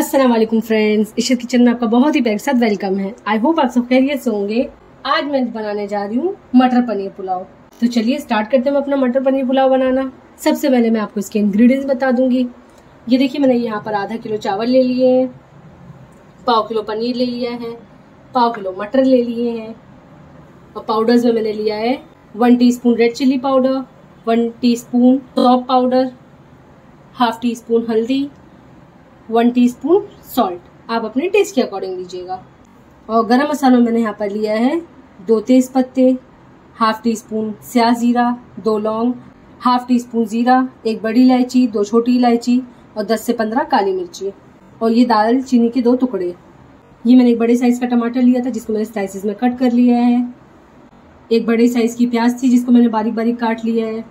अस्सलाम वालेकुम friends Ishar kitchen में आपका बहुत ही बैग वेलकम है आई होप आप सब खैरियत से होंगे आज मैं बनाने जा रही हूँ मटर पनीर पुलाव तो चलिए स्टार्ट करते हैं अपना मटर पनीर पुलाव बनाना सबसे पहले मैं आपको इसके इंग्रेडिएंट्स बता दूंगी ये देखिए मैंने यहाँ पर आधा किलो चावल ले लिए हैं पाव किलो पनीर ले लिया है पाव किलो मटर ले लिए हैं और पाउडर्स में मैंने लिया है one T red chilli powder one teaspoon powder half teaspoon हल्दी वन टीस्पून सॉल्ट आप अपने टेस्ट के अकॉर्डिंग लीजिएगा और गरम मसालों मैंने यहाँ पर लिया है दो तेज पत्ते हाफ टी स्पून स्याह जीरा दो लौंग हाफ टी स्पून जीरा एक बड़ी इलायची दो छोटी इलायची और दस से पंद्रह काली मिर्ची और ये दाल चीनी के दो टुकड़े ये मैंने एक बड़े साइज का टमाटर लिया था जिसको मैंने स्लाइसिस में कट कर लिया है एक बड़े साइज की प्याज थी जिसको मैंने बारीक बारीक काट लिया है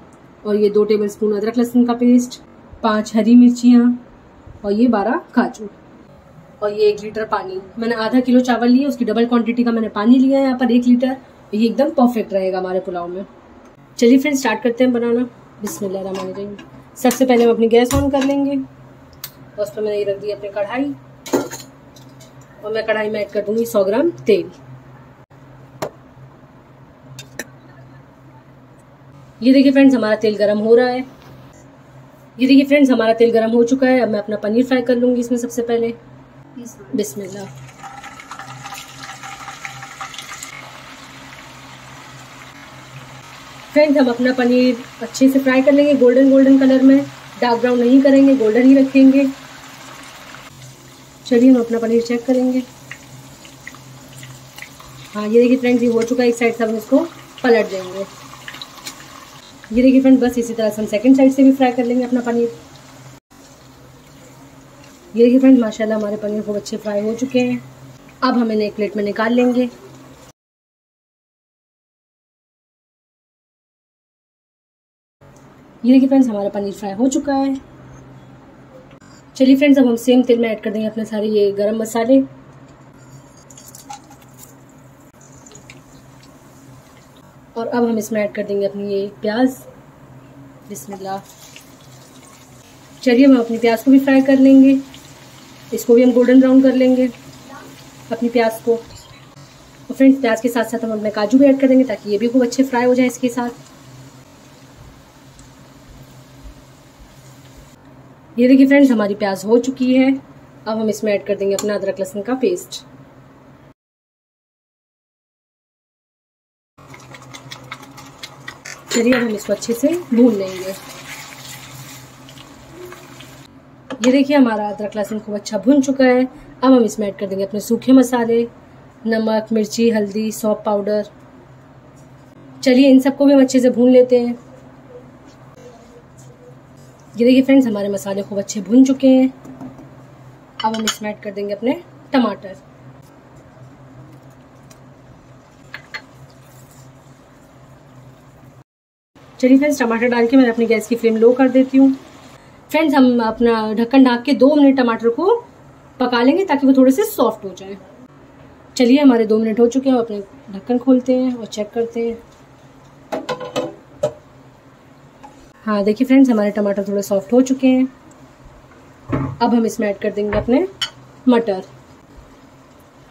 और ये दो टेबल स्पून अदरक लहसुन का पेस्ट पांच हरी मिर्चियाँ और ये बारह काजू और ये एक लीटर पानी मैंने आधा किलो चावल लिए उसकी डबल क्वांटिटी का मैंने पानी लिया है यहाँ पर एक लीटर ये एकदम परफेक्ट रहेगा हमारे पुलाव में चलिए फ्रेंड स्टार्ट करते हैं बनाना बिस्मिल्लाह रहमान रहीम सबसे पहले हम अपनी गैस ऑन कर लेंगे और उस पर मैंने ये रख दी अपनी कढ़ाई और मैं कढ़ाई में ऐड कर दूंगी सौ ग्राम तेल ये देखिए फ्रेंड्स हमारा तेल गर्म हो रहा है ये देखिए फ्रेंड्स हमारा तेल गरम हो चुका है अब मैं अपना पनीर फ्राई कर लूँगी इसमें सबसे पहले बिस्मिल्ला फ्रेंड्स हम अपना पनीर अच्छे से फ्राई कर लेंगे गोल्डन गोल्डन कलर में डार्क ब्राउन नहीं करेंगे गोल्डन ही रखेंगे चलिए हम अपना पनीर चेक करेंगे हाँ ये देखिए फ्रेंड्स ये हो चुका है एक साइड से हम इसको पलट देंगे ये देखिए फ्रेंड बस इसी तरह से हम सेकंड साइड से भी फ्राई कर लेंगे अपना पनीर ये देखिए फ्रेंड माशाल्लाह हमारे पनीर बहुत अच्छे फ्राई हो चुके हैं अब हम इन्हें एक प्लेट में निकाल लेंगे ये देखिए फ्रेंड्स हमारा पनीर फ्राई हो चुका है चलिए फ्रेंड्स अब हम सेम तेल में ऐड कर देंगे अपने सारे ये गरम मसाले और अब हम इसमें ऐड कर देंगे अपनी ये प्याज बिस्मिल्लाह चलिए हम अपनी प्याज को भी फ्राई कर लेंगे इसको भी हम गोल्डन ब्राउन कर लेंगे अपनी प्याज को और फ्रेंड्स प्याज के साथ साथ हम अपने काजू भी ऐड कर देंगे ताकि ये भी खूब अच्छे फ्राई हो जाए इसके साथ ये देखिए फ्रेंड्स हमारी प्याज हो चुकी है अब हम इसमें ऐड कर देंगे अपना अदरक लहसुन का पेस्ट चलिए हम इसको अच्छे से भून लेंगे ये देखिए हमारा अदरक लहसुन खूब अच्छा भुन चुका है अब हम इसमें ऐड कर देंगे अपने सूखे मसाले नमक मिर्ची हल्दी सौंप पाउडर चलिए इन सबको भी हम अच्छे से भून लेते हैं ये देखिए फ्रेंड्स हमारे मसाले खूब अच्छे भुन चुके हैं अब हम इसमें ऐड कर देंगे अपने टमाटर चलिए फ्रेंड्स टमाटर डाल के मैं अपनी गैस की फ्लेम लो कर देती हूँ फ्रेंड्स हम अपना ढक्कन ढाक के दो मिनट टमाटर को पका लेंगे ताकि वो थोड़े से सॉफ्ट हो जाए चलिए हमारे दो मिनट हो चुके हैं अपने ढक्कन खोलते हैं और चेक करते हैं हाँ देखिए फ्रेंड्स हमारे टमाटर थोड़े सॉफ्ट हो चुके हैं अब हम इसमें ऐड कर देंगे अपने मटर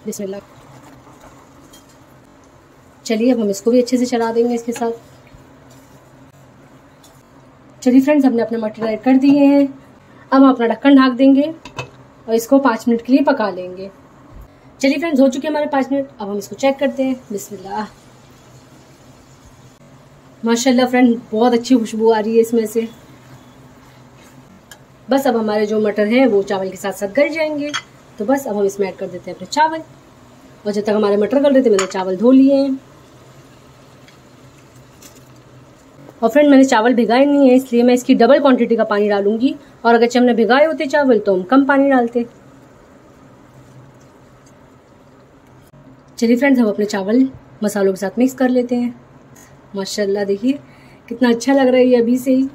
बिस्मिल्लाह चलिए अब हम इसको भी अच्छे से चला देंगे इसके साथ चलिए फ्रेंड्स हमने अपने मटर ऐड कर दिए हैं अब हम अपना ढक्कन ढाक देंगे और इसको पाँच मिनट के लिए पका लेंगे चलिए फ्रेंड्स हो चुके हैं हमारे पाँच मिनट अब हम इसको चेक करते हैं बिस्मिल्ला माशाल्लाह फ्रेंड बहुत अच्छी खुशबू आ रही है इसमें से बस अब हमारे जो मटर हैं वो चावल के साथ साथ गल जाएंगे तो बस अब हम इसमें ऐड कर देते हैं अपने चावल और जब तक हमारे मटर गल रहे थे मैंने चावल धो लिए हैं और फ्रेंड मैंने चावल भिगाए नहीं है इसलिए मैं इसकी डबल क्वांटिटी का पानी डालूंगी और अगर हमने भिगाए होते चावल तो हम कम पानी डालते चलिए फ्रेंड्स हम अपने चावल मसालों के साथ मिक्स कर लेते हैं माशाल्लाह देखिए कितना अच्छा लग रहा है ये अभी से ही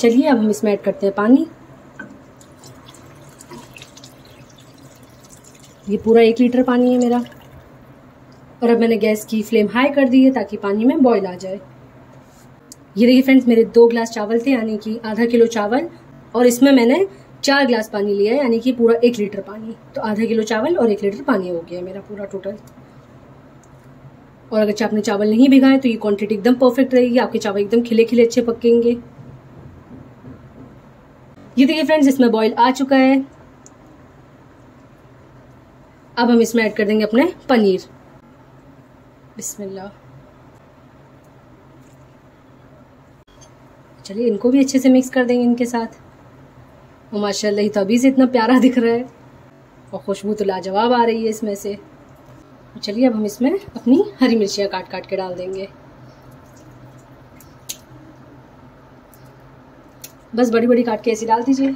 चलिए अब हम इसमें ऐड करते हैं पानी ये पूरा एक लीटर पानी है मेरा और अब मैंने गैस की फ्लेम हाई कर दी है ताकि पानी में बॉयल आ जाए ये देखिए फ्रेंड्स मेरे दो ग्लास चावल थे यानी कि आधा किलो चावल और इसमें मैंने चार ग्लास पानी लिया है यानी कि पूरा एक लीटर पानी तो आधा किलो चावल और एक लीटर पानी हो गया मेरा पूरा टोटल और अगर आपने चावल नहीं भिगाए तो ये क्वांटिटी एकदम परफेक्ट रहेगी आपके चावल एकदम खिले खिले अच्छे पकेंगे ये देखिए फ्रेंड्स इसमें बॉईल आ चुका है अब हम इसमें ऐड कर देंगे अपने पनीर बिस्मिल्लाह चलिए इनको भी अच्छे से मिक्स कर देंगे इनके साथ और माशाल्लाह ही से इतना प्यारा दिख रहा है और खुशबू तो लाजवाब आ रही है इसमें से चलिए अब हम इसमें अपनी हरी मिर्चियाँ काट काट के डाल देंगे बस बड़ी बड़ी काट के ऐसी डाल दीजिए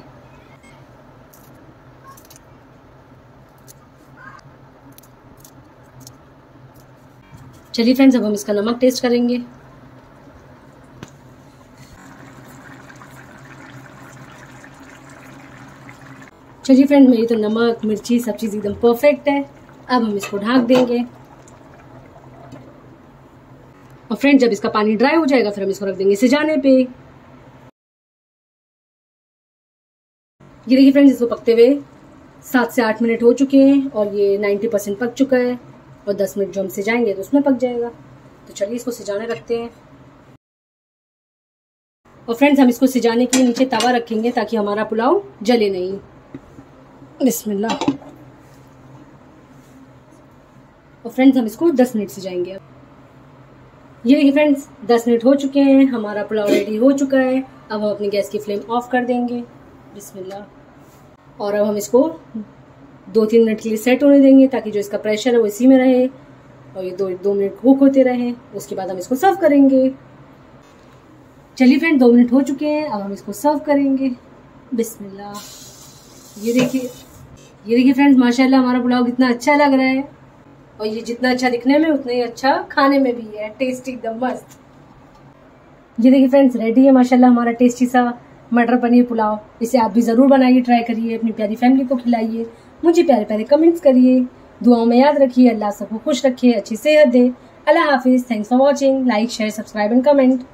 चलिए फ्रेंड्स अब हम इसका नमक टेस्ट करेंगे चलिए फ्रेंड मेरी तो नमक मिर्ची सब चीज़ एकदम परफेक्ट है अब हम इसको ढाक देंगे और फ्रेंड जब इसका पानी ड्राई हो जाएगा फिर हम इसको रख देंगे सिजाने पे ये देखिए फ्रेंड्स इसको पकते हुए सात से आठ मिनट हो चुके हैं और ये नाइन्टी परसेंट पक चुका है और 10 मिनट जो हम सिजाएंगे तो उसमें पक जाएगा तो चलिए इसको सिजाने रखते हैं और फ्रेंड्स हम इसको सिजाने के लिए नीचे तवा रखेंगे ताकि हमारा पुलाव जले नहीं बिस्मिल्ला और फ्रेंड्स हम इसको 10 मिनट सिजाएंगे ये देखिए फ्रेंड्स 10 मिनट हो चुके हैं हमारा पुलाव रेडी हो चुका है अब हम अपनी गैस की फ्लेम ऑफ कर देंगे बिस्मिल्ला और अब हम इसको दो तीन मिनट के लिए सेट होने देंगे ताकि जो इसका प्रेशर है वो इसी में रहे और ये दो दो मिनट कुक होते रहे उसके बाद हम इसको सर्व करेंगे चलिए फ्रेंड दो मिनट हो चुके हैं अब हम इसको सर्व करेंगे बिस्मिल्ला ये देखिए ये देखिए फ्रेंड्स माशाल्लाह हमारा पुलाव कितना अच्छा लग रहा है और ये जितना अच्छा दिखने में उतना ही अच्छा खाने में भी है टेस्टी एकदम मस्त ये देखिए फ्रेंड्स रेडी है माशाल्लाह हमारा टेस्टी सा मटर पनीर पुलाव इसे आप भी ज़रूर बनाइए ट्राई करिए अपनी प्यारी फैमिली को खिलाइए मुझे प्यारे प्यारे कमेंट्स करिए दुआओं में याद रखिए अल्लाह सबको खुश रखिए अच्छी सेहत दे अल्लाह हाफिज thanks for watching like share subscribe and comment